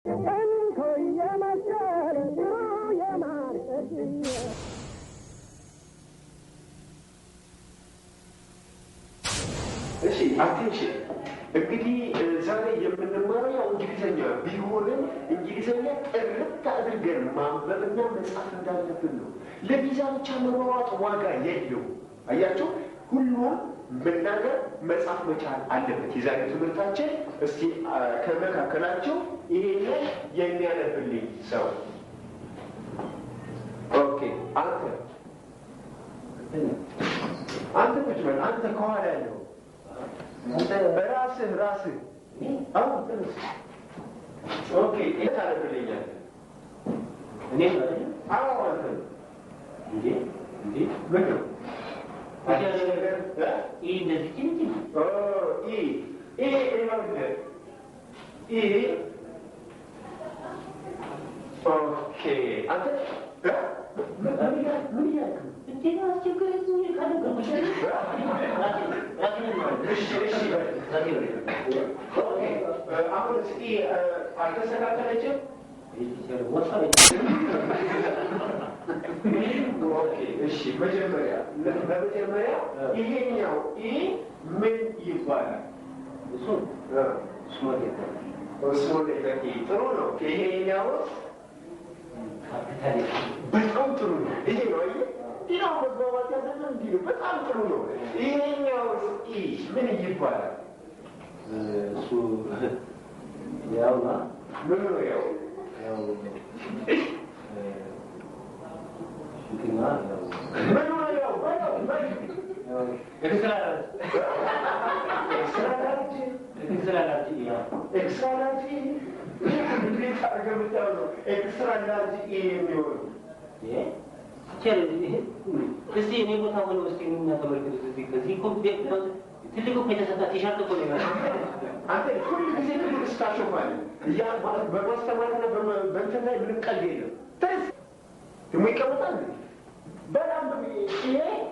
እሺ አቴንሽን እንግዲህ ዛሬ የምንማረው ያው እንግሊዝኛ ቢሆንም እንግሊዝኛ ጥርት አድርገን ማንበብና መጻፍ እንዳለብን ነው። ለቪዛ ብቻ መሯሯጥ ዋጋ የለው። አያቸው ሁሉም መናገር መጽሐፍ መቻል አለበት። የዛሬ ትምህርታችን እስኪ ከመካከላቸው ይሄንን የሚያነብልኝ ሰው ኦኬ፣ አንተ አንተ ቁጭ በል። አንተ ከኋላ ያለው በራስህ ራስህ ኦኬ፣ ታነብልኛል። እኔ አዎ፣ አንተ እንዴ እንዴ いいんです、一日おいい。いい、いい、いい。オッケー。あんた、無理だ、無理だ。手が直列にいるかどうかも知らない。Am rezeki parka sokaktan açıp Bilgisayarı boş ver. Okey. እሺ መጀመሪያ በመጀመሪያ ይሄኛው ኢ ምን ይባላል? እሱ ስሞል ኢፌክት ጥሩ ነው። ይሄኛው በጣም ጥሩ ነው። ይሄ ነው ይሄ ይሄው መግባባት ያለብን እንዲህ ነው። በጣም ጥሩ ነው። ይሄኛው ኢ ምን ይባላል? እሱ ያው ምን ነው ያው ያው ኤክስትራ ላርጅ ኤክስትራ ኤክስትራ ኤክስትራ ኤክስትራ ቦታ ሆነ የተሰጣ ቲሸርት ይሄ